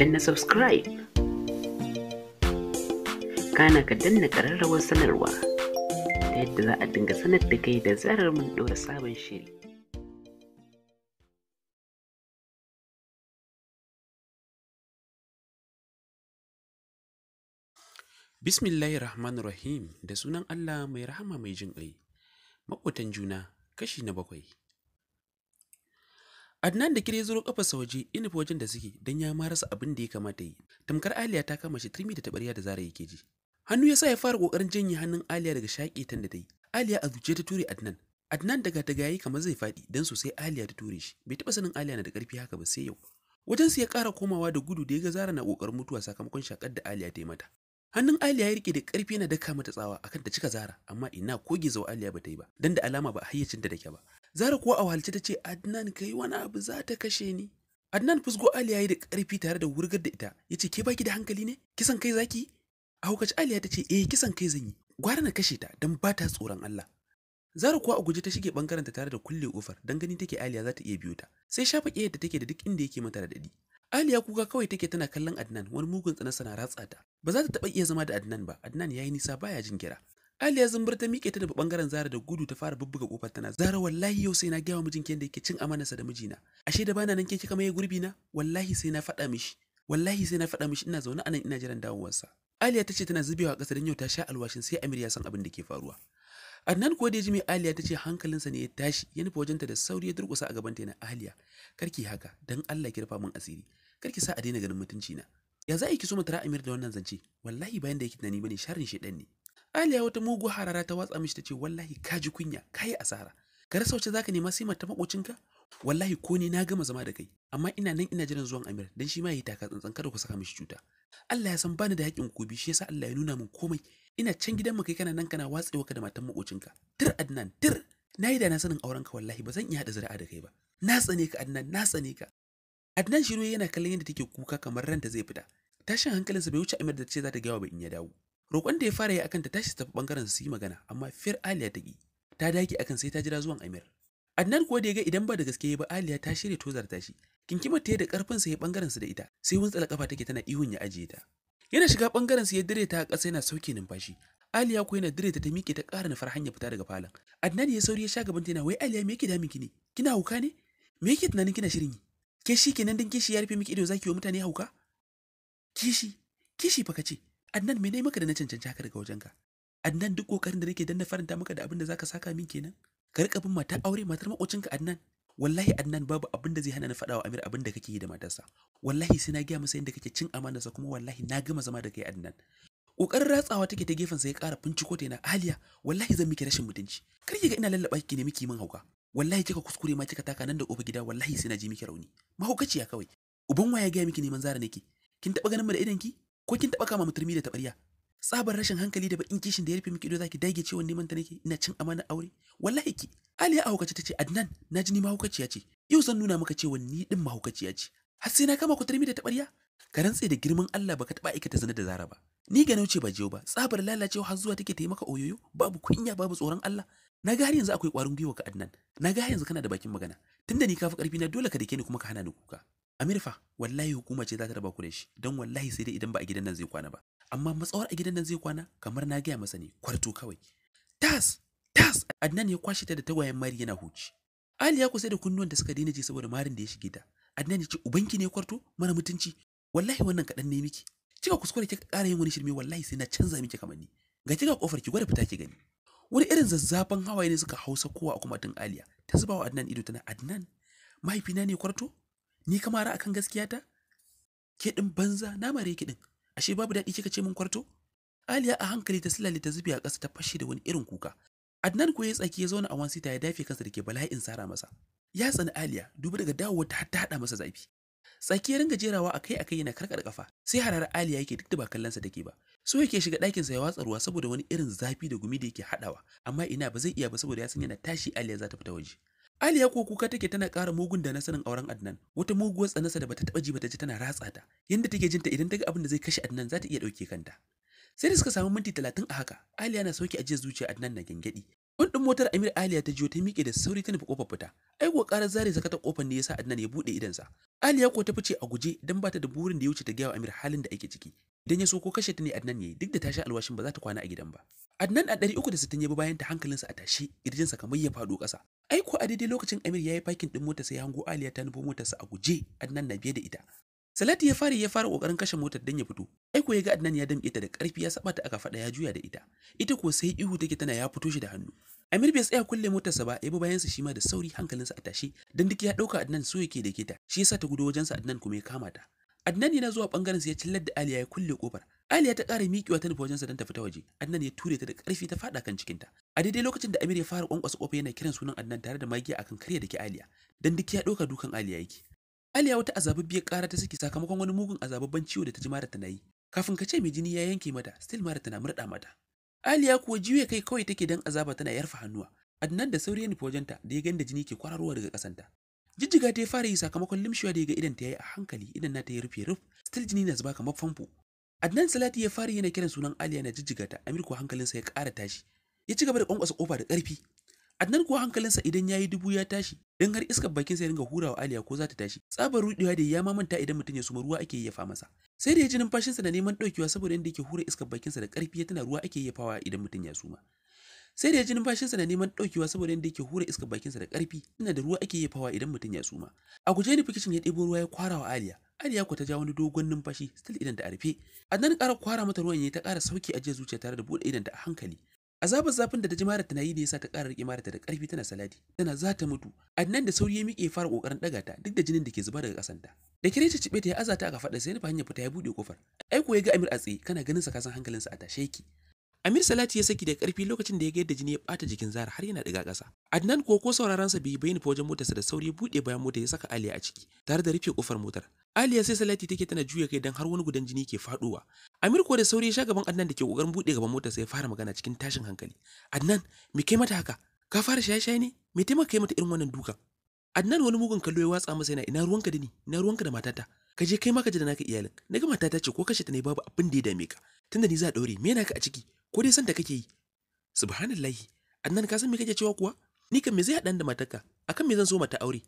danna subscribe kana ka danna ƙararrawar sanarwa ta yadda za a dinga sanar da kai da zarar mun ɗora sabon shiri Bismillahi Rahman Rahim da sunan Allah mai rahama mai jin ƙai. Maƙotan juna kashi na bakwai. Adnan da kire zuro kafa waje ina fojin wajen da suke dan ya ma rasa abin da ya kamata yi. Tamkar Aliya ta kama shi trimi da tabariya da Zara yake ji. Hannu ya sa ya fara kokarin janye hannun Aliya daga tan da ta yi. Aliya a zuciya ta ture Adnan. Adnan daga daga yayi kamar zai faɗi don sosai Aliya ta ture shi. Bai taɓa sanin Aliya na da ƙarfi haka ba sai yau. Wajen su ya ƙara komawa da gudu da ya ga Zara na kokarin mutuwa sakamakon shakar da Aliya ta yi mata. Hannun Aliya ya rike da ƙarfi yana daka mata tsawa akan ta cika Zara, amma ina ko gizo Aliya bata yi ba, dan da alama ba da take ba. Zara kuwa a wahalce ta ce Adnan kai wani abu za ta kashe ni. Adnan fusgo Ali yi da ƙarfi tare da wurgar da ita. Ya ce ke baki da hankali ne? Kisan kai zaki? A hukaci Aliya ta ce eh kisan kai zan yi. Gwara na kashe ta don ba ta tsoron Allah. Zara kuwa a guje ta shige bangaren tare da kulle kofar dan ganin take Aliya za ta iya biyo ta. Sai shafa da take da duk inda yake mata da dadi. Aliya kuka kawai take tana kallon Adnan wani mugun tsana sana ratsa ta. Ba za ta taba iya zama da Adnan ba. Adnan yayi nisa baya jin kira. Aliya zumbur ta miƙe ta nufi ɓangaren Zara da gudu ta fara bubbuga ƙofar tana Zara wallahi yau sai na gaya wa mijinki yadda yake cin amanarsa da mijina. Ashe da bana nan ke kika maye gurbi na wallahi sai na faɗa mishi. Wallahi sai na faɗa mishi ina zaune anan ina jiran dawowarsa. Aliya ta ce tana zubewa ƙasa don yau ta sha alwashin sai Amir ya san abin da ke faruwa. Adnan ko da ya ji mai Aliya ta ce hankalinsa ne ya tashi ya nufi wajenta da sauri ya durƙusa a gabanta yana Aliya karki haka dan Allah ki rufa min asiri karki sa a daina ganin mutunci na. Ya za yi ki so mu tara Amir da wannan zance wallahi bayan da yake tunani bane sharrin shedan ne. Aliya wata mugu harara ta watsa mishi ta ce wallahi ka ji kunya ka yi asara. Ka rasa wacce zaka nema sai mata maƙocinka Wallahi ko ni na gama zama da kai amma ina nan ina jiran zuwan Amir dan shi ma yi taka tsantsan kada ku saka mishi cuta. Allah ya san bani da haƙin ku shi yasa Allah ya nuna min komai. Ina can gidan mu kai kana nan kana watsewa ka da matan makocinka. Tir Adnan tir na yi da na sanin aurenka wallahi ba zan iya haɗa zuri'a da kai ba. Na tsane ka Adnan na tsane ka. Adnan Shiru yana kallon yadda take kuka kamar ranta zai fita. Tashin hankalinsa bai wuce Amir da ce za ta gawa ba in ya dawo. roƙon da ya fara yi akan ta tashi tafi bangaren su yi magana amma fiyar aliya ta ki ta dage akan sai ta jira zuwan amir adnan kuwa da ya ga idan ba da gaske ba aliya ta shirya tozar shi kinkima ta da karfin sa ya bangaren su da ita sai tsala kafa take tana ihun ya ajiye ta yana shiga bangaren su ya dire ta a ƙasa yana sauke numfashi aliya ko yana dire ta ta miƙe ta ƙara nufar hanya fita daga falon adnan ya sauri ya sha gaban ta yana wai aliya me yake damin ki ne kina hauka ne me yake tunanin kina shirin ke shi kenan dan kishi ya rufe miki ido zaki wa mutane hauka kishi kishi fa ce Adnan me nayi maka da na cancanci haka daga wajenka? Adnan duk kokarin da nake dan na faranta maka da abin da zaka saka min kenan. Ka rika bin mata aure matar makocinka Adnan. Wallahi Adnan babu abin da zai hana na faɗa wa Amir abin da kake yi da matarsa. Wallahi sai na gaya masa yadda kake cin amanarsa kuma wallahi na gama zama da kai Adnan. Kokarin ratsawa take ta gefen sa ya ƙara finciko ta yana Aliya wallahi zan miki rashin mutunci. Kar ki ga ina lallaba ki ne miki min hauka. Wallahi kika kuskure ma kika taka nan da kofa gida wallahi sai na ji miki rauni. Mahaukaciya kawai. Uban waya ga miki neman zara nake. Kin taba ganin mu da idan ki? ko kin taba kama mutumi da tabariya tsabar rashin hankali da bakin kishin da ya rufe miki ido zaki dage cewa neman ta nake ina cin amana aure wallahi ki aliya ahukaci tace adnan na ji ni mahaukaciya ce yau zan nuna maka cewa ni din ya ce har sai na kama kuturmi da tabariya ka rantse da girman Allah baka taba aikata zina da zara ba ni ga nauce ba jiyo ba tsabar lalacewa har zuwa take taimaka oyoyo babu kunya babu tsoron Allah na ga har yanzu akwai kwarin gwiwa ka Adnan na ga har yanzu kana da bakin magana tunda ni kafi karfi na dole ka dake ni kuma ka hana ni kuka Amirfa wallahi hukuma ce za ta raba ku da shi don wallahi sai dai idan ba a gidan nan zai kwana ba amma matsawar a gidan nan zai kwana kamar na gaya masa ne kwarto kawai tas tas Adnan ya kwashe ta da tagwayen mari yana huci Ali ya kusa da kunnuwan da suka daina ji saboda marin da ya shige ta Adnan ya ce ubanki ne kwarto mara mutunci wallahi wannan kaɗan ne miki kika kuskure kika ƙara yin wani shirme wallahi sai na canza miki kamanni ga kika kofar ki gwada fita ki gani wani irin zazzafan hawaye ne suka hausa kowa a kuma tun Aliya ta zuba wa Adnan ido tana Adnan mahaifina ne kwarto ni ka mara akan gaskiya ta ke din banza na mare ki din ashe babu daɗi kika ce min kwarto aliya a hankali ta silale ta zubi a ƙasa ta fashe da wani irin kuka adnan ko ya tsaki ya zauna a wani sita ya dafe kansa da ke bala'in sara masa ya tsani aliya dubi daga dawowar ta har masa zafi tsaki ya ringa jerawa akai akai yana karkar kafa sai harar aliya yake duk da ba kallonsa take ba so yake shiga ɗakin sa ya watsa ruwa saboda wani irin zafi da gumi da yake haɗawa amma ina ba zai iya ba saboda ya san yana tashi aliya za ta fita waje Aliya ko kuka take tana ƙara mugun da na sanin auren Adnan, wata muguwar tsanasa da bata taɓa ji bata ji tana ratsa ta, yanda take jin ta idan ta ga abin da zai kashe Adnan za ta iya ɗauke kanta. Sai da suka samu minti talatin a haka, Aliya na sauke ajiyar zuciya Adnan na gyangyaɗi. Kundin motar Amir Aliya ta jiyo ta miƙe da sauri ta nufi kofar fita. Ai ko zare saka ta ƙofar ne yasa Adnan ya buɗe sa. Aliya ko ta fice a guje dan bata da burin da ya wuce ta gaya wa Amir halin da ake ciki. Idan ya so ko kashe ta ne Adnan yayi duk da ta sha alwashin ba za ta kwana a gidan ba. Adnan a ɗari uku da sittin ya bi bayan ta hankalinsa a tashi ƙirjinsa kamar ya fado ƙasa. Ai ko a daidai lokacin Amir ya yi fakin ɗin motarsa ya hango Aliya ta nufo motarsa a guje Adnan na biye da ita. Salatu ya fara ya fara kokarin kashe motar dan ya fito. Ai ko ya ga Adnan ya damƙe ta da ƙarfi ya saba ta aka faɗa ya juya da ita. Ita ko sai ihu take tana ya fito shi da hannu. Amir bai tsaya kulle motarsa ba, ya bi bayansa shi ma da sauri hankalinsa a tashe, dan duk ya ɗauka Adnan so yake da kita shi yasa ta wajen wajensa Adnan kuma ya kama ta. Adnan yana zuwa bangaren sa ya cillar da Aliya ya kulle kofar. Aliya ta ƙara miƙewa ta wajen sa don ta fita waje. Adnan ya ture ta da ƙarfi ta fada kan cikinta. A daidai lokacin da Amir ya fara kwankwasa kofar yana kiran sunan Adnan tare da magiya akan karya da Aliya, dan duk ya dauka dukan Aliya yake. Aliya wata azababbiyar ƙara ta saki sakamakon wani mugun azababban ciwo da ta ji mara tana yi. Kafin ka ce mai jini ya yanke mata, still mara tana murɗa mata. Aliya kuwa juya kai kawai take dan azaba tana yarfa hannuwa. Adnan da sauri ya nufi wajenta da ya ganda jini ke kwararowa daga ƙasanta. Jijjiga ta fara yi sakamakon limshiwa da ya ga idan ta yi a hankali idan na ta yi rufe ruf, still jini na zuba kamar famfo. Adnan Salati ya fara yana kiran sunan Aliya na jijjiga ta, Amir kuwa hankalinsa ya ƙara tashi. Ya ci gaba da ƙwanƙwasa kofa da ƙarfi. Adnan kuwa hankalinsa idan ya yi dubu ya tashi, don har iskar bakinsa ya dinga hurawa Aliya ko za ta tashi. Tsabar rudewa da ya mamanta idan mutum ya suma ruwa ake yi ya fa masa. Sai da ya ji numfashinsa na neman ɗaukewa saboda inda yake hura iskar bakinsa da ƙarfi ya tana ruwa ake yi ya fawa idan mutum ya suma. Sai da ya ji numfashinsa na neman ɗaukewa saboda inda yake hura iskar bakinsa da ƙarfi tana da ruwa ake yi ya fawa idan mutum ya suma. A guje ni fikicin ya ɗebo ruwa ya kwarawa Aliya. Aliya ku ta ja wani dogon numfashi still idan da Adnan ƙara kwara mata ruwan yayi ta ƙara sauki a zuciya tare da buɗe idan da hankali. azabar zafin da ta ji mara tana yi da yasa ta ƙara riƙe mara da ƙarfi tana salati tana za ta mutu adnan da sauri ya miƙe fara ƙoƙarin ɗaga ta duk da jinin da ke zuba daga ƙasanta da kire ta cibe ta ya azata aka faɗa sai nufa hanyar fita ya buɗe kofar aiko ya ga amir a tsaye kana ganin sa kasan hankalinsa a tashe ki Amir Salati ya saki da ƙarfi lokacin da ya ga yadda jini ya ɓata jikin Zara har yana ɗiga ƙasa. Adnan ko ko sauraron sa bai bayyana wajen motarsa da sauri buɗe bayan motar ya saka Aliya a ciki tare da rufe ƙofar motar. Aliya sai Salati take tana juya kai dan har wani gudan jini ke faɗowa. Amir ko da sauri ya sha gaban Adnan da ke ƙoƙarin buɗe gaban motarsa ya fara magana cikin tashin hankali. Adnan, me kai mata haka? Ka fara shaye-shaye ne? Me taimaka kai mata irin wannan dukan? Adnan wani mugun kallo ya watsa masa yana ina ruwanka da ni, ina ruwanka da matata. Ka je kai maka ka ji da naka iyalin. Naga matata ce ko kashe ta ne babu abin da ya dame ka. tunda ni za a ɗaure me naka a ciki ko dai santa kake yi subhanallahi annan ka san me kake cewa kuwa ni kan me zai haɗa da matarka akan me zan so mata aure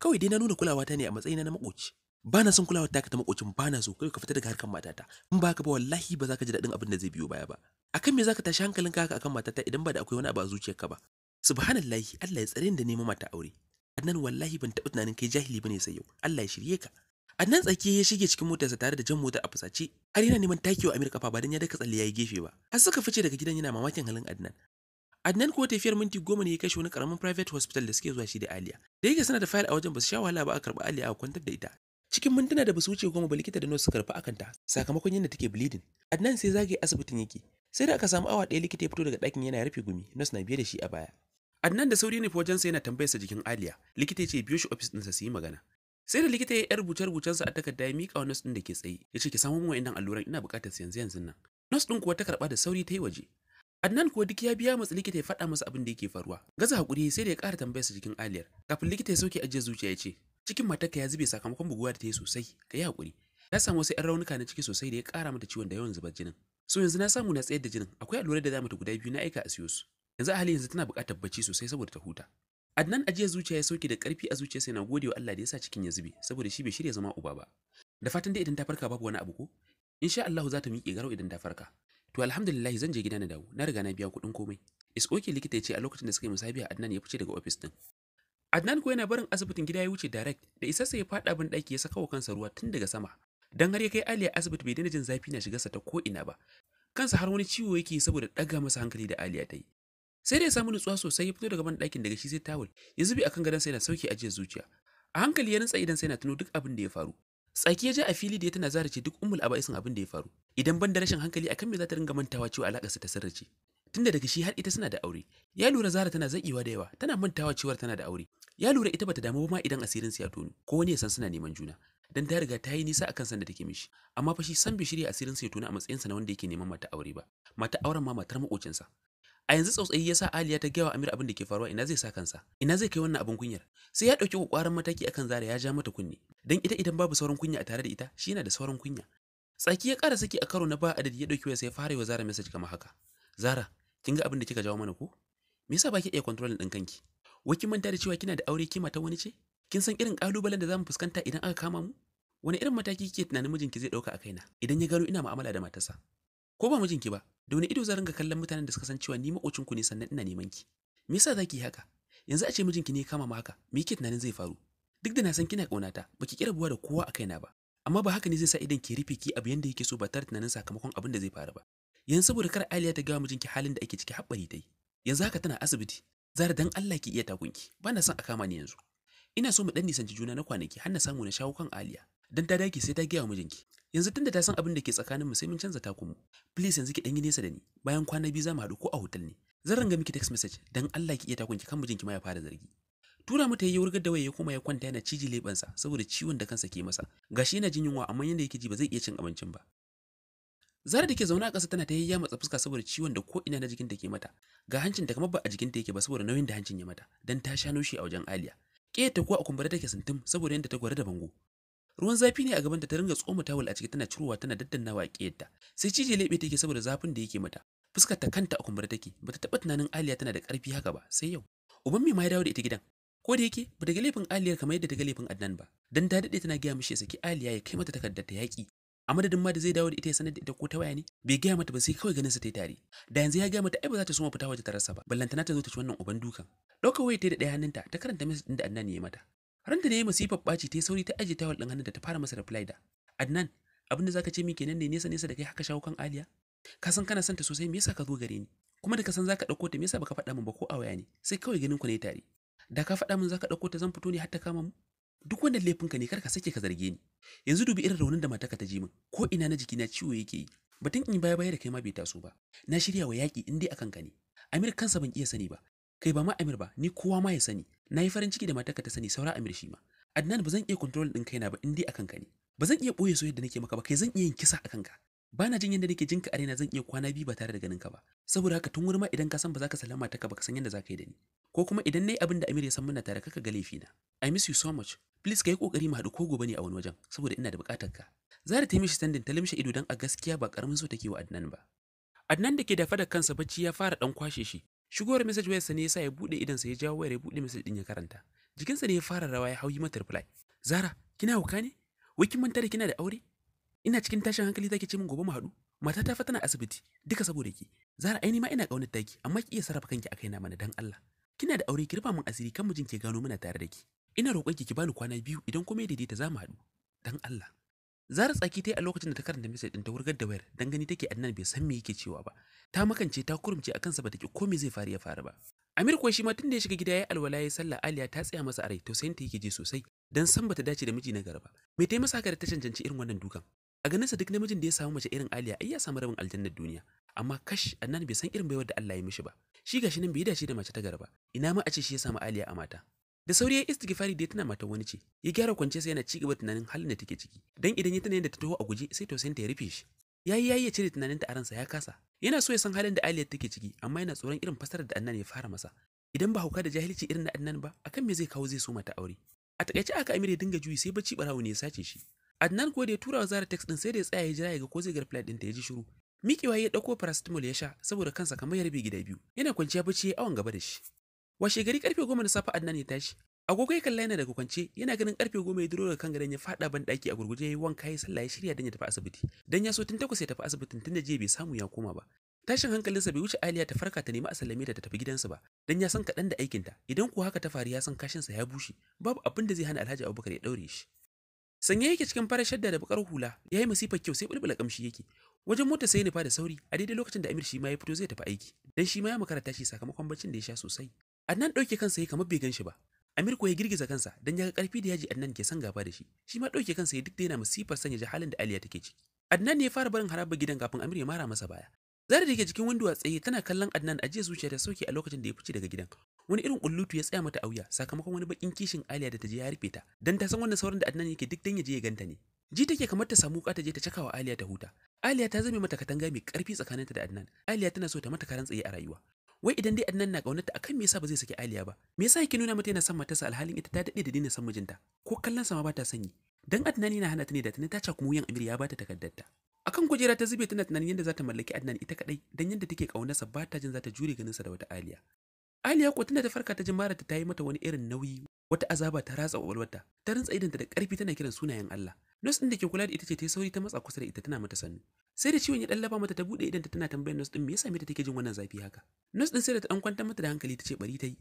kawai dai na nuna kulawa ta ne a matsayina na makoci ba na son ta ka ta makocin ba na so kai ka fita daga harkan matata in ba ka ba wallahi ba za ka ji daɗin abin da zai biyo baya ba akan me za ka tashi hankalin ka akan matata idan ba da akwai wani abu a zuciyarka ba subhanallahi Allah ya tsare ni da neman mata aure annan wallahi ban taɓa tunanin kai jahili bane sai yau Allah ya shirye ka Adnan tsaki ya shige cikin motarsa tare da jan mota a fusace, har yana neman wa Amir kafa ba dan ya daka tsalle yayi gefe ba. Har suka fice daga gidan yana mamakin halin Adnan. Adnan kuwa tafiyar minti goma ne ya kashe wani karamin private hospital da suke zuwa shi da Aliya. Da yake sana da file a wajen ba su sha wahala ba a karɓi Aliya a kwantar da ita. Cikin mintuna da ba su wuce goma ba likita da nurse suka rufe akan ta sakamakon yadda take bleeding. Adnan sai zagaye asibitin yake. Sai da aka samu awa ɗaya likita ya fito daga ɗakin yana rufe gumi, nurse na biye da shi a baya. Adnan da sauri ne wajensa yana tambayarsa jikin Aliya. Likita ya ce biyo shi ofis ɗinsa su yi magana. sai da likita ya rubuce rubucensa a takarda ya miƙa wa nurse ɗin da ke tsaye ya ce ki samo min wa'innan alluran ina buƙatar su yanzu yanzu nan nurse ɗin kuwa ta karɓa da sauri ta yi waje Adnan kuwa duk ya biya masa likita ya faɗa masa abin da yake faruwa. Gaza hakuri sai da ya ƙara tambayar sa cikin aliyar. Kafin likita ya sauke ajiye zuciya ya ce, "Cikin matarka ya zube sakamakon buguwa da ta yi sosai, ka yi hakuri." Ya samu wasu 'yan raunuka na ciki sosai da ya ƙara mata ciwon da yawan zubar jinin. So yanzu na samu na tsayar da jinin, akwai allurai da za mata guda biyu na aika a siyo su. Yanzu a hali yanzu tana buƙatar bacci sosai saboda ta huta. Adnan ajiya zuciya ya soke da ƙarfi a zuciya sai na gode wa Allah da ya sa cikin ya zube saboda shi bai shirya zama uba ba. Da fatan dai idan ta farka babu wani abu ko? Insha Allah za ta miƙe garau idan ta farka. To alhamdulillah zan je gida na dawo, na riga na biya kuɗin komai. Is okay likita ya ce a lokacin da suka yi musabiya Adnan ya fice daga ofis din. Adnan ko yana barin asibitin gida ya wuce direct da sai ya faɗa bin ɗaki ya saka wa kansa ruwa tun daga sama. Dan har ya kai Ali a asibiti bai daina jin zafi na shigarsa ta ko ina ba. Kansa har wani ciwo yake saboda ɗaga masa hankali da Aliya ta yi. sai da ya samu nutsuwa sosai ya fito daga ban ɗakin daga shi sai tawul yanzu bi akan gadon sai na sauke ajiye zuciya a hankali ya nutsa idan sai na tuno duk abin da ya faru tsaki ya ja a fili da ya tana zarace duk ummul aba'isin abin da ya faru idan ban da rashin hankali akan me za ta ringa mantawa cewa alaƙarsa ta sarrace tunda daga shi har ita suna da aure ya lura zara tana zaƙiwa da yawa tana mantawa cewar tana da aure ya lura ita bata damu ba ma idan asirin su ya tono ko wani ya san suna neman juna dan ta riga ta yi nisa akan san da take mishi amma fa shi san bai shirya asirin ya tono a matsayinsa na wanda yake neman mata aure ba mata auren ma matar sa a yanzu tsautsayi ya sa aliya ta gaya wa amir abin da ke faruwa ina zai sa kansa ina zai kai wannan abin kunyar sai ya dauki kokarin mataki akan zara ya ja mata kunne don ita idan babu sauran kunya a tare da ita shi yana da sauran kunya tsaki ya ƙara saki a karo na ba adadi ya ɗauki sai ya fara wa zara message kamar haka zara kin ga abin da kika jawo mana ko me yasa baki iya control din kanki wai manta da cewa kina da aure kima ta wani ce kin san irin ƙalubalen da zamu fuskanta idan aka kama mu wani irin mataki kike tunanin mijinki zai dauka a kaina idan ya gano ina mu'amala da matarsa ko ba mijinki ba da wani ido za ringa kallon mutanen da suka san cewa ni maƙocinku ne sannan ina neman ki me yasa zaki yi haka yanzu a ce mijinki ne kama maka me yake tunanin zai faru duk da na san kina kaunata baki kira buwa da kowa a kaina ba amma ba haka ne zai sa idan ki rufe ki abu yanda yake so ba tare tunanin sakamakon abin da zai faru ba yanzu saboda kar Aliya ta ga mijinki halin da ake ciki haɓari dai yanzu haka tana asibiti zara dan Allah ki iya takunki ba na son a kama ni yanzu ina so mu dan nisanci juna na kwanaki har na samu na shawo kan Aliya dan ta dake sai ta gaya mijinki yanzu tunda ta san abin da ke tsakanin mu sai mun canza takunmu please yanzu ki danyi nesa da ni bayan kwana biyu za mu haɗu ko a hotel ne zan ranga miki text message dan Allah ki iya takunki kan mijinki ma ya fara zargi tura mata yayi wurgar da waye ya koma ya kwanta yana ciji lebansa saboda ciwon da kansa ke masa gashi yana jin yunwa amma yanda yake ji ba zai iya cin abincin ba Zara da ke zaune a ƙasa tana ta yayya matsa fuska saboda ciwon da ko ina na jikinta ke mata ga hancin da kamar ba a jikinta yake ba saboda nauyin da hancin ya mata dan ta sha noshi a wajen Aliya ƙeta ko a kumbura take saboda yadda ta gwara da bango ruwan zafi ne a gabanta ta ringa tsoma tawul a ciki tana cirowa tana daddannawa a ƙiyarta sai cije lebe take saboda zafin da yake mata fuskar ta kanta a kumbura take bata taba tunanin aliya tana da ƙarfi haka ba sai yau uban mai ma ya dawo da ita gidan ko da yake bata ga laifin aliyar kamar yadda ta ga laifin adnan ba dan ta dade tana gaya mishi ya saki aliya ya kai mata takardar ta yaƙi a madadin ma da zai dawo da ita ya sanar da ita ko ta waya ne bai gaya mata ba sai kawai ganin sa ta yi tare da yanzu ya gaya mata ai ba za ta soma fita waje ta rasa ba ballantana ta zo ta ci wannan uban dukan ɗaukar waya ta da ɗaya hannunta ta karanta message ɗin da Adnan ya mata Randa ne masifar ɓaci ta sauri ta ajiye tawal ɗin hannun da ta fara masa reply da. Adnan, abin da zaka ce min kenan ne nesa nesa da kai haka shawo kan Aliya? Ka san kana son ta sosai me yasa ka zo gare ni? Kuma da ka san zaka ɗauko ta me yasa baka faɗa min ba ko a waya ne? Sai kawai ganin ku ne tare. Da ka faɗa min zaka ɗauko ta zan fito ne har ta kama mu? Duk wanda laifinka ne kar ka sake ka zarge ni. Yanzu dubi irin raunin da matarka ta ji min ko ina na jikina ciwo yake yi. Batun in baya baya da kai ma bai taso ba. Na shirya wa yaƙi in dai akan ka ne. Amir kansa ban iya sani ba. Kai ba ma Amir ba, ni kowa ma ya sani. na yi farin ciki da matarka ta sani saura amir shi ma adnan ba zan iya control din kaina ba indai akan ka ne ba zan iya boye soyayya da nake maka ba kai zan iya yin kisa akan ka ba na jin yadda nake jinka a raina zan iya kwana biyu ba tare da ganin ka ba saboda haka tun wurma idan ka san ba za ka sallama ta ka ba ka san yadda za ka yi da ni ko kuma idan nayi abin da Amir ya san muna tare kaka ga laifi na I miss you so much please kai kokari mu haɗu ko gobe ne a wani wajen saboda ina da buƙatar ka Zara ta mishi standing ta limshe ido dan a gaskiya ba karamin so take wa Adnan ba Adnan da ke dafa da kansa bacci ya fara dan kwashe shi shigowar message wayar sa ne yasa ya bude idan sa ya jawo wayar ya bude message din ya karanta jikinsa ne ya fara rawa ya hauyi mata reply zara kina hauka ne wai kin manta da kina da aure ina cikin tashin hankali take ce min gobe mu haɗu mata ta fatana asibiti duka saboda ki zara aini ma ina kaunar taki amma ki iya sarrafa kanki akai na mana dan Allah kina da aure ki rufa min asiri kan mijin ke gano muna tare da ki ina roƙon ki ki bani kwana biyu idan komai daidaita za mu haɗu dan Allah Zara tsaki ta yi a lokacin da ta karanta message ɗin ta wurgar da wayar dan gani take annan bai san me yake cewa ba. Ta makance ta kurumce akan sa bata ki komai zai faru ya faru ba. Amir kuwa shi ma tun da ya shiga gida ya alwala ya sallah Aliya ta tsaya masa a rai tausayin ta yake ji sosai dan san bata dace da miji na garba. Me ta yi masa haka da ta cancanci irin wannan dukan? A ganin sa duk namijin da ya samu mace irin Aliya ai ya samu rabin aljannar duniya. Amma kash annan bai san irin baiwar da Allah ya mishi ba. Shi gashi nan bai dace da mace ta garba. Ina ma a ce shi ya samu Aliya a mata. da sauri ya istighfari da tana mata wani ce ya gyara kwance sai yana cigaba tunanin halin da take ciki dan idan ya tana yadda ta taho a guje sai tausayin ta ya rufe shi yayi yayi ya cire tunanin ta a ransa ya kasa yana so ya san halin da Aliya take ciki amma yana tsoron irin fasarar da Annan ya fara masa idan ba hauka da jahilci irin na Annan ba akan me zai kawo zai so mata aure a takaice aka Amir ya dinga juyi sai bacci barawo ne ya sace shi Adnan ko da ya tura wa Zara text din sai da ya tsaya ya jira ya ga ko zai ga reply din ta ya ji shiru ya dauko paracetamol ya sha saboda kansa kamar ya rabe gida biyu yana kwanciya bacci ya gaba da shi Washe gari karfe goma na safe Adnan ya tashi. Agogo ya kalla yana daga kwance, yana ganin karfe goma ya duro daga kan gadon ya fada ban daki a gurguje yi wanka ya sallah ya shirya dan ya tafi asibiti. Dan ya so tun takwas ya tafi asibitin tun da jiya bai samu ya koma ba. Tashin hankalinsa bai wuce Aliya ta farka ta nemi a sallame ta tafi gidansa ba, dan ya san kaɗan da aikinta. Idan ko haka ta faru ya san kashinsa ya bushe, babu abin da zai hana Alhaji Abubakar ya daure shi. Sanye yake cikin fara shadda da bakar hula, ya yi masifar kyau sai bulbula kamshi yake. Wajen mota sai nufa da sauri, a daidai lokacin da Amir shi ma ya fito zai tafi aiki, dan shi ma ya makara tashi sakamakon baccin da ya sha sosai. Adnan ɗauke kansa ya kamar bai gan shi ba. Amir ko ya girgiza kansa Dan ya ga ƙarfi da yaji Adnan ke san gaba da shi. Shi ma ɗauke kansa ya duk da yana masifar sanya ji halin da Aliya take ciki. Adnan ne ya fara barin harabar gidan kafin Amir ya mara masa baya. Zara da ke cikin windo a tsaye tana kallon Adnan a jiya zuciya ta sauke a lokacin da ya fice daga gidan. Wani irin ƙullutu ya tsaya mata a wuya sakamakon wani bakin kishin Aliya da ta je ya rufe ta. Dan ta san wannan sauran da Adnan yake duk dan ya je ya ganta ne. Ji take kamar ta samu wuka ta je ta cakawa Aliya ta huta. Aliya ta zame mata katanga mai karfi tsakaninta da Adnan. Aliya tana so ta mata karan tsaye a rayuwa. wai idan dai Adnan na kaunarta akan me yasa ba zai saki Aliya ba me yasa yake nuna mata yana son matarsa alhalin ita ta dade da dina san mijinta ko kallon sa ma ba ta sanyi dan Adnan yana hana ta ne da tana tace kuma wuyan Amir ya bata takardarta akan kujera ta zube tana tunanin yadda za ta mallaki Adnan ita kadai dan yadda take kaunarsa ba ta jin za ta jure ganin sa da wata Aliya Aliya ko tana ta farka ta ji mara ta yi mata wani irin nauyi wata azaba ta ratsa kwakwalwarta ta rintsa idanta da karfi tana kiran sunayen Allah Nos ɗin da ke kula da ita ce ta sauri ta matsa kusa da ita tana mata sannu. sai da ciwon ya dallaba mata ta bude idan ta tana tambayar nurse din me yasa mita take jin wannan zafi haka nurse din sai da ta dan kwantar mata da hankali tace bari ta yi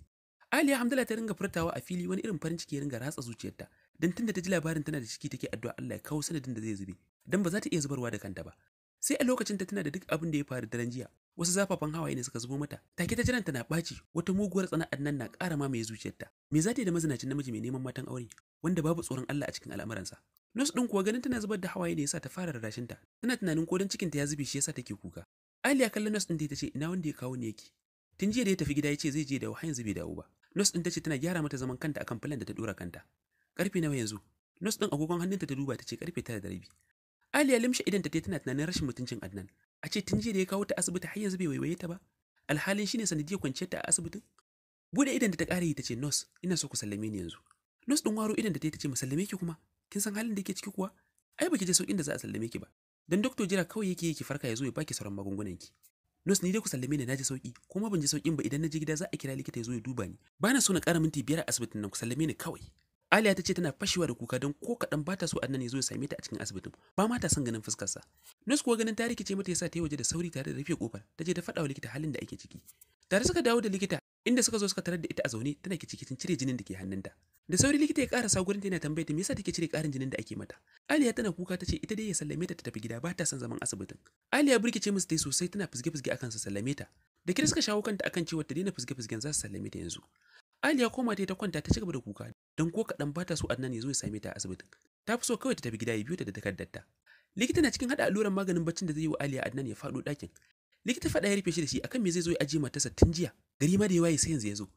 aliya hamdala ta ringa furtawa a fili wani irin farin ciki ya ringa ratsa zuciyarta dan tunda ta ji labarin tana da ciki take addu'a Allah ya kawo sanadin da zai zube dan ba za ta iya zubarwa da kanta ba sai a lokacin ta tana da duk abin da ya faru daren jiya wasu zafafan hawaye ne suka zubo mata take ta jiran na ɓaci wata muguwar tsana'ar nan na ƙara mamaye zuciyarta me za ta yi da mazinacin namiji mai neman matan aure wanda babu tsoron Allah a cikin al'amuransa Nos ɗin kuwa ganin tana zubar da hawaye ne yasa ta fara ta. Tana tunanin ko don ta ya zube shi yasa take kuka. Aliya kallon nos ɗin ta ce ina wanda ya kawo ne yake. Tun jiya da ya tafi gida ya ce zai je da wahayin zube da uba. Nos ɗin ta ce tana gyara mata zaman kanta akan filan da ta dora kanta. Karfe nawa yanzu? Nos ɗin agogon hannunta ta duba ta ce karfe tara da rabi. Aliya limshe idan ta tana tunanin rashin mutuncin Adnan. A ce tun jiya da ya kawo ta asibiti har yanzu bai waiwaye ta ba. Alhalin shine sanadiyar kwanciyar ta a asibitin. Bude idan da ta ƙara ta ce Nus ina so ku sallame ni yanzu. Nus ɗin waro idan da ta ce mu sallame ki kuma. kin san halin da yake ciki kuwa ai baki je saukin da za a sallame ki ba dan doctor jira kawai yake yake farka ya zo ya baki sauran magungunan ki nurse ni dai ku sallame ni naji sauki kuma ban ji saukin ba idan naji gida za a kira likita ya zo ya duba ni ba na so na ƙara minti biyar a asibitin nan ku sallame ni kawai Aliya ta ce tana fashewa da kuka don ko kaɗan ba ta so Adnan ya zo ya same ta a cikin asibitin. Ba ma ta son ganin fuskarsa. Nurse kuwa ganin ta rikice mata yasa ta yi waje da sauri tare da rufe kofar. Ta je ta faɗa wa likita halin da ake ciki. Tare suka dawo da likita inda suka zo suka tarar da ita a zaune tana kicikicin cire jinin da ke hannunta da sauri likita ya karasa gurin tana tambaye ta me yasa take cire karin jinin da ake mata aliya tana kuka tace ita dai ya sallame ta ta tafi gida ba ta son zaman asibitin aliya burkice musu tai sosai tana fusge fusge akan su sallame ta da kira suka shawo kanta akan cewa ta daina fusge fusgen za su sallame ta yanzu aliya koma ta ta kwanta ta cigaba da kuka don ko kaɗan ba ta so adnan ya zo ya same ta a asibitin ta fi so kawai ta tafi gida ya biyo ta da takardar ta likita na cikin hada alluran maganin baccin da zai yi wa aliya adnan ya faɗo ɗakin likita faɗa ya rufe shi da shi akan me zai zo ya ajiye matarsa tun jiya gari ma da ya waye sai yanzu ya zo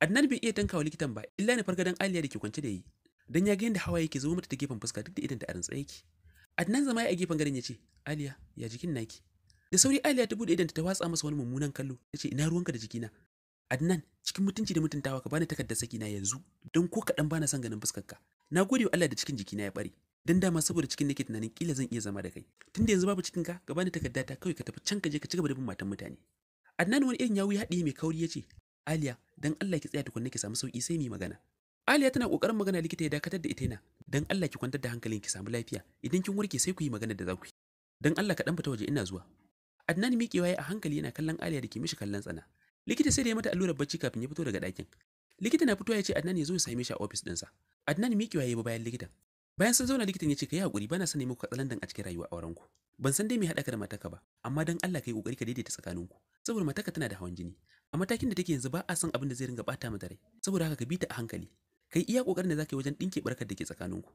Adnan bai iya tankawa likitan ba illa ne fargadan Aliya da ke kwance da yi dan ya ga yadda hawa yake zo mata ta gefen fuska duk da idan ta aran tsaye yake Adnan zama ya a gefen garin ya ce Aliya ya jikin naki da sauri Aliya ta bude idan ta watsa masa wani mummunan kallo ta ce ina ruwanka da jikina Adnan cikin mutunci da mutuntawa ka bani takardar saki yanzu don ko kaɗan bana son ganin fuskarka. na gode wa Allah da cikin jikina ya bare dan dama saboda cikin nake tunanin kila zan iya zama da kai tunda yanzu babu cikin ka gaba ni takarda ta kawai ka tafi can ka je ka cigaba da bin matan mutane Adnan wani irin yawu ya haɗiye mai kauri ya ce Aliya dan Allah ki tsaya tukunna ki samu sauki sai mu magana Aliya tana kokarin magana likita ya dakatar da ita yana dan Allah ki kwantar da hankalin ki samu lafiya idan kin warke sai ku yi magana da za ku yi dan Allah ka dan fita waje ina zuwa Adnan miƙewa ya a hankali yana kallon Aliya da ke mishi kallon tsana likita sai da ya mata allurar bacci kafin ya fito daga ɗakin likita na fitowa ya ce Adnan ya zo ya same shi a ofis ɗinsa Adnan miƙewa ya bayan likitan Bayan sun zauna likitan ya ce ka yi hakuri bana sanin muku dan a cikin rayuwa auren ku. Ban san dai me haɗa da mataka ba, amma dan Allah ka yi kokari ka daidaita tsakanin ku. Saboda mataka tana da hawan jini. A matakin da take yanzu ba a san abin da zai ringa bata mata rai. Saboda haka ka bi ta a hankali. Kai iya kokarin da zaka yi wajen dinke barkar da ke tsakanin ku.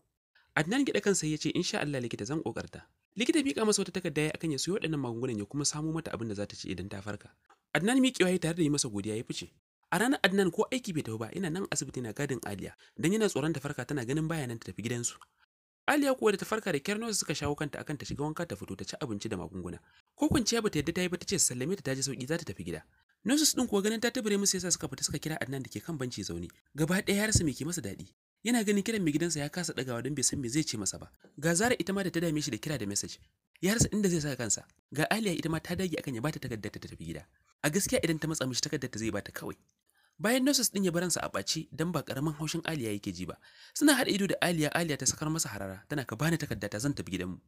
Adnan gida kansa ya ce insha Allah likita zan kokarta. Likita bika masa wata takarda ya akan ya siyo waɗannan magungunan ya kuma samo mata abin da za ta ci idan ta farka. Adnan miƙewa ya tare da yi masa godiya ya fice. A ranar Adnan ko aiki bai tafi ba ina nan asibiti na gadin Aliya don yana tsoron ta farka tana ganin bayanan ta tafi gidansu. Aliya kuwa da ta farka da kyarno suka shawo kanta akan ta shiga wanka ta fito ta ci abinci da magunguna. Ko kwanciya bata yadda ta yi ba ce sallame ta taji sauki za ta tafi gida. Nurses din kuwa ganin ta tabure musu yasa suka fita suka kira Adnan da ke kan banci zaune. Gaba ɗaya yarsa me ke masa daɗi. Yana ganin kiran mai gidansa ya kasa ɗagawa don bai san me zai ce masa ba. Ga Zara ita ma da ta dame shi da kira da message. ya rasa inda zai saka kansa ga aliya ita ma ta dage akan ya bata takardar ta tafi gida a gaskiya idan ta matsa mishi takardar ta zai bata kawai bayan Nosis din ya baransa a bace dan ba karamin haushin Aliya yake ji ba suna haɗa ido da Aliya Aliya ta sakar masa harara tana ka bani takarda ta zan tafi gidanmu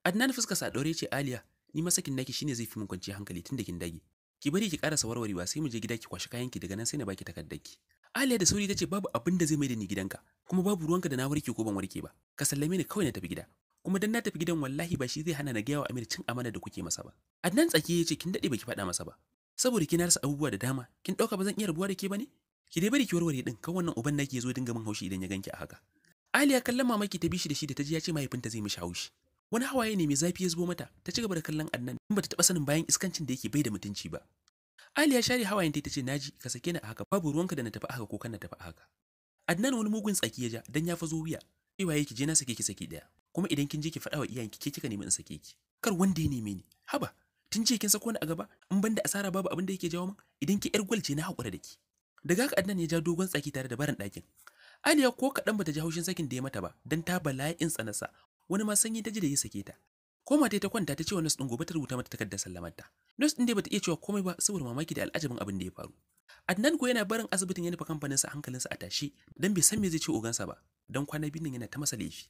Adnan fuska sa dore ce Aliya ni masakin naki shine zai fi min kwanci hankali tun da kin dage ki bari ki karasa warwarewa sai mu je gida ki kwashi ki, daga nan sai na baki takardarki Aliya da sauri ta ce babu abin da zai mai da ni gidanka kuma babu ruwanka da na warke ko ban warke ba ka sallame ni kawai na tafi gida kuma dan na tafi gidan wallahi ba shi zai hana na gaya wa Amir cin amana da kuke masa ba. Adnan tsaki yace kin dade baki faɗa masa ba. saboda kina rasa abubuwa da dama kin dauka ba zan iya rabuwa da ke bane ki dai bari ki warware din kan wannan uban nake zo dinga min haushi idan ya ganki a haka aliya kallon mamaki ta bishi da shi da ta ji ya ce mahaifinta zai mishi haushi wani hawaye ne mai zafi ya zubo mata ta ci gaba da kallon annan. in bata taba sanin bayan iskancin da yake bai da mutunci ba aliya share hawayen ta tace naji ka sake ni a haka babu ruwanka da na tafi haka ko kana tafi haka Adnan wani mugun tsaki ya ja dan ya fazo wuya cewa yake je na sake ki saki daya kuma idan kin je ki faɗa wa iyayenki ke kika nemi in sake ki kar wanda ya neme ni haba kin ce kin sako ni a gaba in banda asara babu abin da yake jawo min idan ki yar gwal ce na hakura da ki daga haka Adnan ya ja dogon tsaki tare da barin ɗakin Aliya ko kaɗan bata ji haushin sakin da ya mata ba dan ta bala'in tsanasa wani ma sanyi ta ji da ya sake ta ko mata ta kwanta ta ce wa nurse gobe ta rubuta mata takardar sallamanta nos din dai bata iya cewa komai ba saboda mamaki da al'ajabin abin da ya faru Adnan ko yana barin asibitin ya nufa kamfanin sa a tashi dan bai san me zai ce ogansa ba dan kwana biyu nan yana ta masa laifi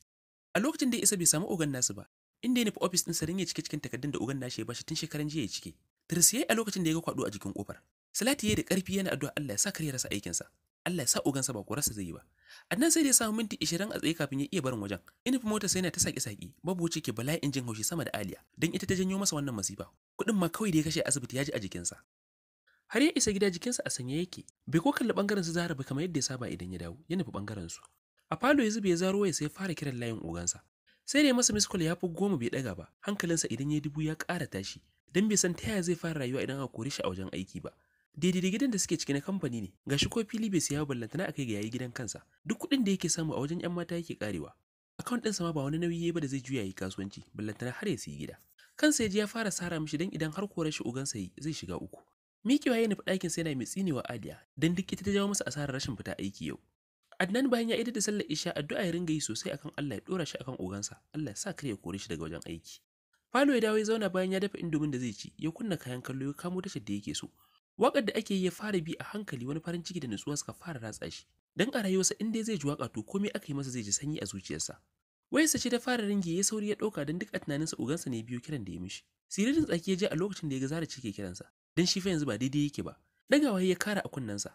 a lokacin da isa bai samu ogan nasu ba inda ya nufi ofis ɗinsa don ya cike cikin takardun da Uganda shi ya bashi tun shekaran jiya ya cike. Tirsi a lokacin da ya ga kwado a jikin kofar. Salati ya da ƙarfi yana addu'a Allah ya sa kar ya rasa aikinsa. Allah ya sa ugansa ba rasa zai yi ba. Adnan sai da ya samu minti 20 a tsaye kafin ya iya barin wajen. Inif mota sai na ta saki saki, babu wuce ke bala'i injin haushi sama da Aliya, don ita ta janyo masa wannan masifa. Kuɗin ma kawai da ya kashe asibiti ya ji a jikinsa. Har ya isa gida jikinsa a sanye yake, bai ko kalli bangaren su Zahra ba kamar yadda ya saba idan ya dawo, ya nufi bangaren su. A falo ya zube ya zaro ya sai fara kiran layin sa sai da ya masa miskul ya fi goma bai daga ba hankalinsa idan ya dubu ya kara tashi don bai san ta yaya zai fara rayuwa idan aka kore shi a wajen aiki ba daidai gidan da suke ciki na kamfani ne ga shi ko fili bai siya ballantana akai ga yayi gidan kansa duk kuɗin da yake samu a wajen yan mata yake karewa Akawun ɗinsa ma ba wani nauyi ba da zai juya yi kasuwanci ballantana har ya siyi gida kansa ya ji ya fara sara mishi don idan har kore shi ugansa yi zai shiga uku mikewa ya nufi ɗakin sai yana mai tsinewa aliya don duk ita ta jawo masa asarar rashin fita aiki yau Adnan bayan ya idar da sallar isha addu'a ya ringa yi sosai akan Allah ya dora shi akan ogansa. Allah ya sa kare ya kore shi daga wajen aiki. Falo ya dawo ya zauna bayan ya dafa indomin da zai ci, ya kunna kayan kallo ya kamo tashar da yake so. Wakar da ake yi ya fara bi a hankali wani farin ciki da nutsuwa suka fara ratsa shi. Dan a rayuwarsa in dai zai ji waka to komai aka yi masa zai ji sanyi a zuciyarsa. Wayarsa ce ta fara ringe ya sauri ya ɗauka don duk a tunaninsa ogansa ne biyu kiran da ya mishi. Siririn tsaki ya je a lokacin da ya ga Zara cike kiransa, dan shi fa yanzu ba daidai yake ba. Dagawa ya kara a kunnensa,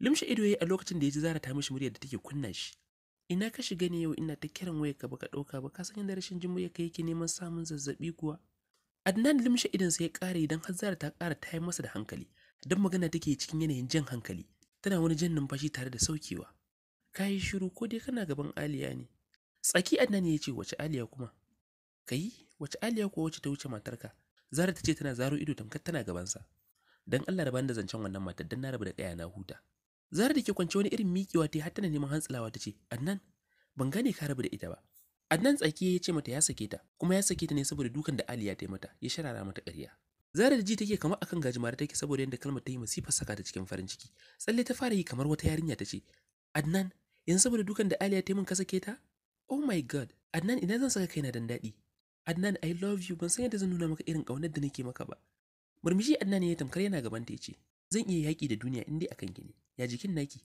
Limshi ido yayi a lokacin da ya ji Zara ta mishi murya da take kunna shi. Ina ka shiga ne yau ina ta kiran waya ka baka ɗauka ba ka san da rashin jin murya kai yake neman samun zazzabi kuwa. Adnan limshi idan sai ya kare idan har Zara ta ƙara yi masa da hankali. Dan magana take cikin yanayin jan hankali. Tana wani jan numfashi tare da saukewa. Kai shiru ko dai kana gaban Aliya ne. Tsaki Adnan ya ce wace Aliya kuma? Kai wace Aliya ko wace ta wuce matarka? Zara ta ce tana zaro ido tamkar tana gabansa. Dan Allah da bani da zancen wannan matar dan na rabu da kaya na huta. Zara da ke kwance wani irin miƙewa ta hatta na neman hantsalawa ta ce, "Adnan, ban gane ka rabu da ita ba." Adnan tsaki ya ce mata ya sake ta, kuma ya sake ta ne saboda dukan da Aliya ta yi mata, ya sharara mata ƙarya. Zara da ji take kamar akan gajimare take saboda yadda kalmar ta yi masifar saka ta cikin farin ciki. Tsalle ta fara yi kamar wata yarinya ta ce, "Adnan, yanzu saboda dukan da ya ta yi min ka sake ta?" Oh my god, Adnan ina zan saka kaina dan daɗi. Adnan I love you ban san yadda zan nuna maka irin ƙaunar da nake maka ba. Murmushi Adnan ya tamkar yana gaban ta ya ce, zan iya yaƙi da duniya in dai akan gini ya jikin naki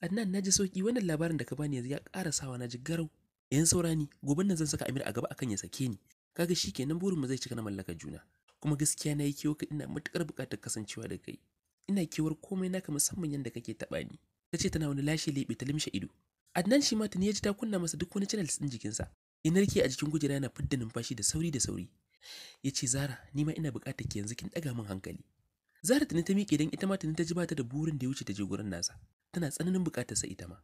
annan naji sauki wannan labarin da ka bani yanzu ya ƙara sawa naji garau yan saura ni gobe nan zan saka Amir a gaba akan ya sake ni kaga shikenan burin mu zai cika na mallakar juna kuma gaskiya na yi kewa ka ina matuƙar buƙatar kasancewa da kai ina kewar komai naka musamman yadda kake taɓa ni ta ce tana wani lashe leɓe ta limshe ido Adnan shi ma tuni ya ji ta kunna masa duk wani channels ɗin jikinsa inar ke a jikin gujera yana fidda numfashi da sauri da sauri ya ce Zara ni ma ina buƙatar ki yanzu kin ɗaga min hankali Zahra tuni ta miƙe don ita ma tuni ta ji bata da burin da ya wuce ta je gurin nasa. Tana tsananin sa ita ma.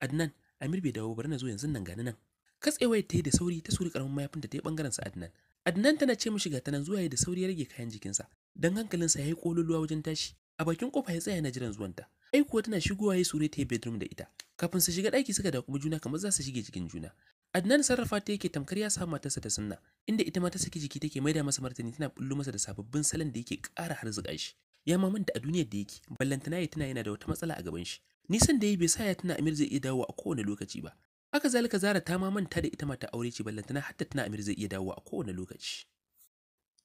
Adnan, Amir bai dawo bari na zo yanzu nan gani nan. Katsewayar ta yi da sauri ta suri karamin mayafinta ta yi bangaren sa Adnan. Adnan tana ce mishi ga ta nan zuwa ya da sauri ya rage kayan jikinsa. Dan hankalinsa ya yi kololuwa wajen tashi. A bakin ƙofa ya tsaya yana jiran zuwanta. Ai kuwa tana shigowa ya surai ta yi bedroom da ita. Kafin su shiga ɗaki suka da kuma juna kamar za su shige cikin juna. Adnan sarrafa ta yake tamkar ya sa matarsa ta sunna, inda ita ma ta saki jiki take maida masa martani tana bullo masa da sababbin salon da yake ƙara harzuka shi. Ya maman da a duniyar da yake, ballantana ya tana yana da wata matsala a gaban shi. Nisan da ya bai sa ya tana Amir zai iya dawo a kowane lokaci ba. Haka zalika Zara ta ma manta da ita mata aure ce ballantana hatta tana Amir zai iya dawo a kowane lokaci.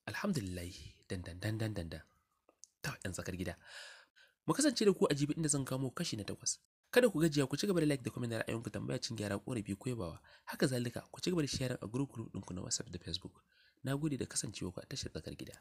Alhamdulillah, dan dan dan. Ta 'yan tsakar gida. Mu kasance da ku a jibi inda zan kamo kashi na takwas. Kada ku gajiya ku cigaba gaba da like da comment da ra'ayoyinku tambaya cin gyara korafi ko yabawa. Haka zalika ku ci gaba da sharing a group group ɗinku na WhatsApp da Facebook. Na gode da kasancewa ku a tashar tsakar gida.